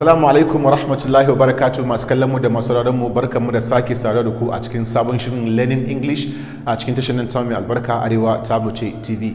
Salamu alaikum wa rahmatullahi wa barakatu masu kallon mu da masu rarar mu barkan mu da sake saurare da ku a cikin sabon shirin Learning English a cikin tashar ta mai albarka Arewa ta TV.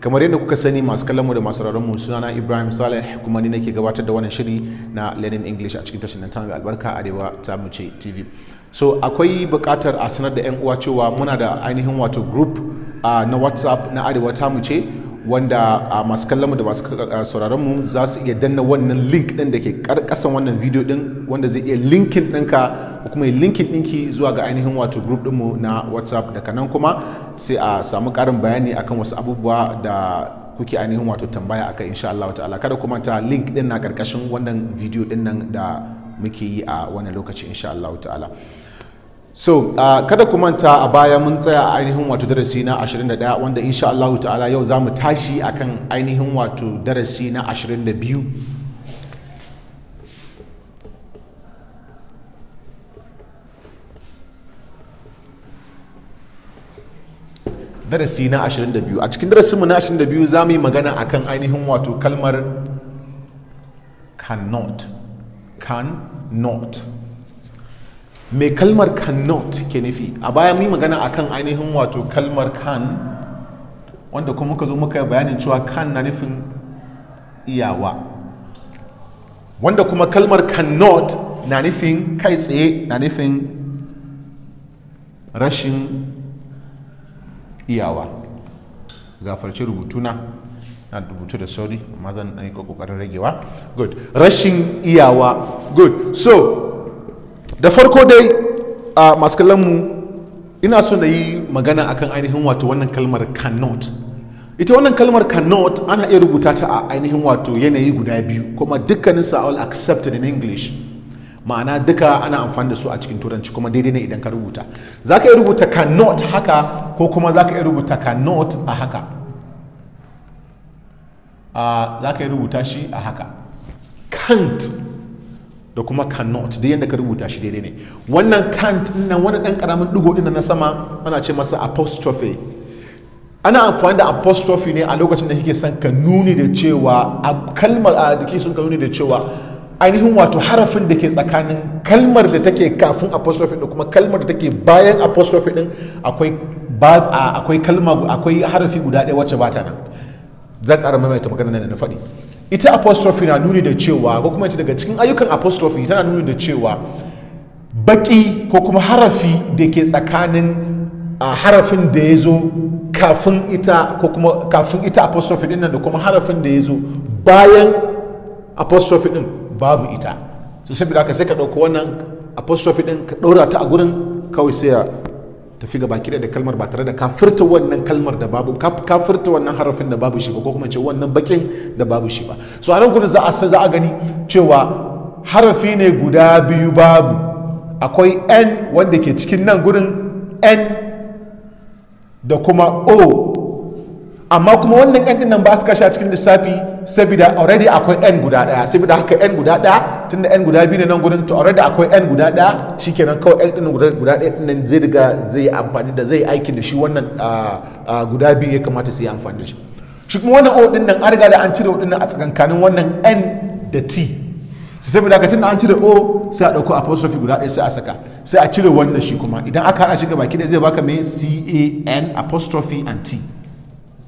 kamar yadda kuka sani masu mu da masu mu sunana ibrahim saleh kuma ni nake gabatar da wannan shiri na learning english a cikin tashin ta mai albarka arewa ta tv so akwai buƙatar a sanar da 'yan uwa cewa muna da ainihin wato group ah, na whatsapp na arewa ta ce wanda a masu mu da masu sauraron mu za su iya danna wannan link din da ke karkasan wannan video ɗin wanda zai iya linkin ɗinka ko kuma linkin ɗinki zuwa ga ainihin wato group mu na whatsapp daga nan kuma sai a samu karin bayani akan wasu abubuwa da kuke ainihin wato tambaya akan insha Allah ta'ala kada ku manta link din na karkashin wannan video din nan da muke yi a wannan lokaci insha Allah ta'ala so uh, kada ku manta a baya mun tsaya a ainihin wato darasi na 21 wanda insha Allah ta'ala yau za mu tashi akan ainihin wato darasi na 22 darasi na 22 a cikin darasinmu na 22 za mu yi magana akan ainihin wato kalmar cannot cannot mai kalmar cannot ke nufi a baya mun magana akan ainihin wato kalmar can wanda kuma muka zo muka bayanin cewa can na nufin iyawa wanda kuma kalmar cannot na nufin kai tsaye na nufin rashin iyawa gafarci rubutu na na rubutu da sauri amma zan ɗan yi kokarin ragewa good rashin iyawa good so da farko dai a masu kallonmu ina so na yi magana akan ainihin wato wannan kalmar cannot ita wannan kalmar cannot ana iya rubuta ta a ainihin wato yanayi guda biyu kuma dukkanin all accepted in english ma'ana duka ana amfani da su a cikin turanci kuma daidai ne idan ka rubuta za ka iya rubuta cannot haka ko kuma za ka iya rubuta cannot a haka za ka iya rubuta shi a haka can't da kuma cannot da yadda ka rubuta shi daidai ne wannan kant nan wani dan karamin digo na sama ana ce masa apostrophe ana amfani da apostrophe ne a lokacin da kike son ka nuni da cewa a kalmar a da son ka nuni da cewa ainihin wato harafin da ke tsakanin kalmar da take kafin apostrophe da kuma kalmar da take bayan apostrophe din akwai akwai akwai harafi guda ɗaya wacce ba ta nan zan ƙara maimaita magana da na faɗi ita apostrophe na nuni da cewa ko kuma daga cikin ayyukan apostrophe tana nuni da cewa baki ko kuma harafi da ke tsakanin a harafin da ya zo kafin ita ko kuma kafin ita apostrophe din nan da kuma harafin da ya zo bayan apostrophe din babu ita to saboda ka sai ka ɗauka wannan apostrophe din ka ɗaura ta a gurin kawai sai tafi gaba kida da kalmar ba tare da kafirta wannan kalmar da babu kafirta wannan harafin da babu shi ba ko kuma ce wannan bakin da babu shi ba so a nan gudu za a za a gani cewa harafi ne guda biyu babu akwai n wanda ke cikin nan gudun n da kuma o amma kuma wannan yan dinnan nan ba su kashe a cikin lissafi saboda already akwai yan guda daya saboda haka yan guda daya da yan guda biyu ne nan gudun to already akwai yan guda daya shikenan kawai yan dinnan guda daya dinnan zai riga zai yi amfani da zai aikin da shi wannan guda biyu ya kamata su yi amfani da shi shi kuma wannan o din nan an riga da an cire o nan a tsakankanin wannan n da t sai saboda tun da an cire o sai a dauko apostrophe guda daya sai a saka sai a cire wannan shi kuma idan aka hada shi baki ki zai baka me c a n apostrophe and t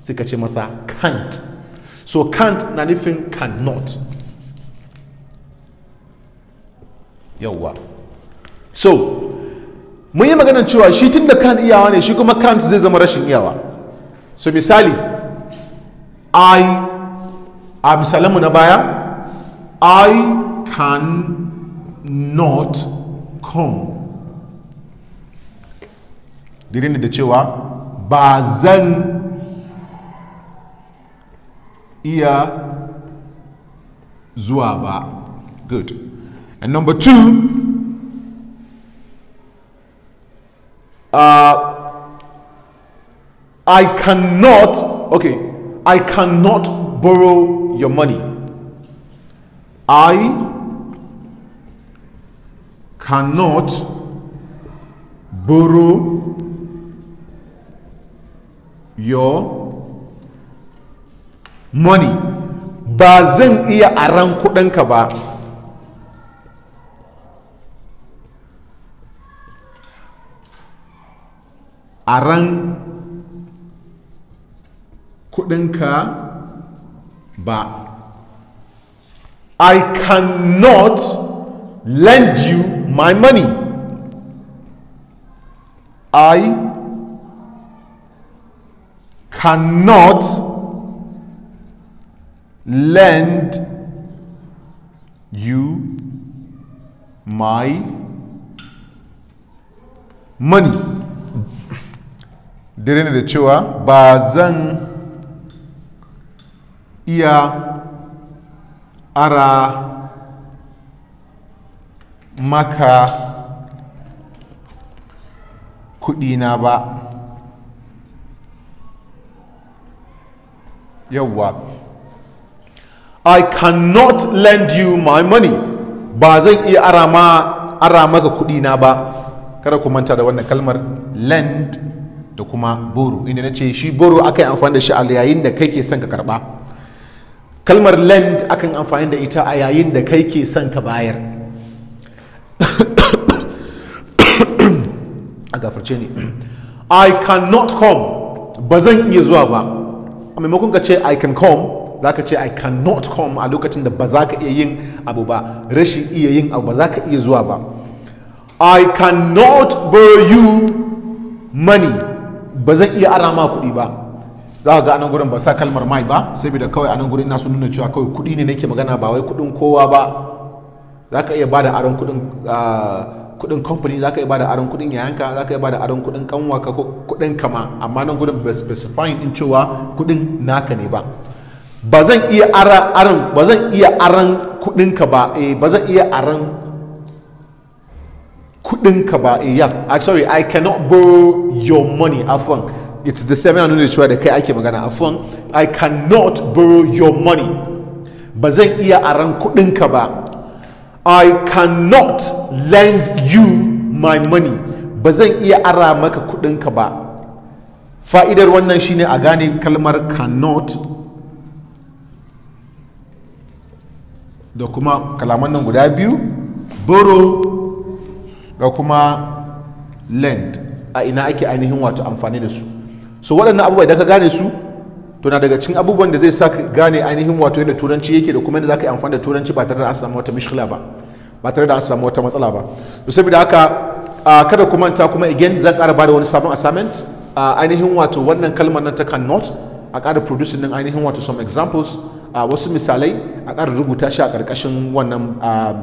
suka ce masa kant. so can't na nufin cannot yawwa so mun yi maganar cewa shi tun da kan iyawa ne shi kuma kant zai zama rashin iyawa so misali i a misalinmu na baya i can not come dirini da cewa ba zan ear zuwa Good. And number two, uh, I cannot, okay, I cannot borrow your money. I cannot borrow your money ba zan iya ran kudinka ba ran kudinka ba i cannot lend you my money i cannot lend you my money dire ne da cewa ba zan iya ara maka kudina ba yawwa I cannot lend you my money ba zan iya ara maka kuɗi na ba kada ku manta da wannan kalmar lend da kuma boro inda na ce shi boro aka yi amfani da shi a yayin da kai ke son ka karba kalmar lend akan amfani da ita a yayin da kai ke son ka bayar a gafarce ne i cannot come ba zan iya zuwa ba a maimakon ka ce i can come za ka ce i cannot come a lokacin da ba za ka iya yin abu ba rashin iya yin abu ba za ka iya zuwa ba i cannot borrow you money ba zan iya ara ma kuɗi ba za ka ga anan gurin ba sa kalmar mai ba saboda kawai anan gurin na sun nuna cewa kawai kuɗi ne nake magana ba wai kuɗin kowa ba za ka iya ba da aron kuɗin ah, kudin kamfani za ka iya ba da aron kudin yayanka za ka iya ba da aron kudin kanwa ka ko kudin kama amma nan gudun specifying in cewa kudin naka ne ba ba zan iya aran ba zan iya aran kudinka ba eh ba zan iya aran kudinka ba eh yeah I'm sorry I cannot borrow your money afwan it's the seven hundred cewa da kai ake magana afwan I cannot borrow your money ba zan iya aran kudinka ba I cannot lend you my money ba zan iya ara maka kudinka ba fa'idar wannan shine a gane kalmar cannot da kuma kalaman nan guda biyu boro da kuma lent a ina ake ainihin wato amfani da su so waɗannan abubuwa idan ka gane su to na daga cikin abubuwan da zai sa ka gane ainihin wato yadda turanci yake da kuma yadda za ka yi amfani da turanci ba tare da an samu wata mishkila ba ba tare da an samu wata matsala ba to saboda haka kada ku manta kuma again zan ƙara ba da wani sabon assignment ainihin wato wannan kalmar nan ta cannot a ƙara producing din ainihin wato some examples a wasu misalai a ƙara rubuta shi a ƙarƙashin wannan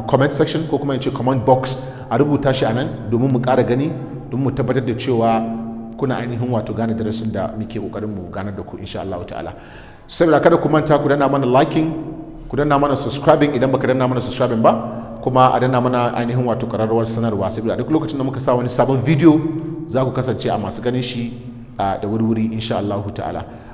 comment section ko kuma ce comment box a rubuta shi a nan domin mu ƙara gani domin mu tabbatar da cewa kuna ainihin wato gane darasin da muke ƙoƙarin mu ganar da ku insha Allah ta'ala saboda kada ku manta ku danna mana liking ku danna mana subscribing idan baka danna mana subscribing ba kuma a danna mana ainihin wato ƙararrawar sanarwa saboda duk lokacin da muka sa wani sabon video za ku kasance a masu ganin shi da wuri-wuri insha Allah ta'ala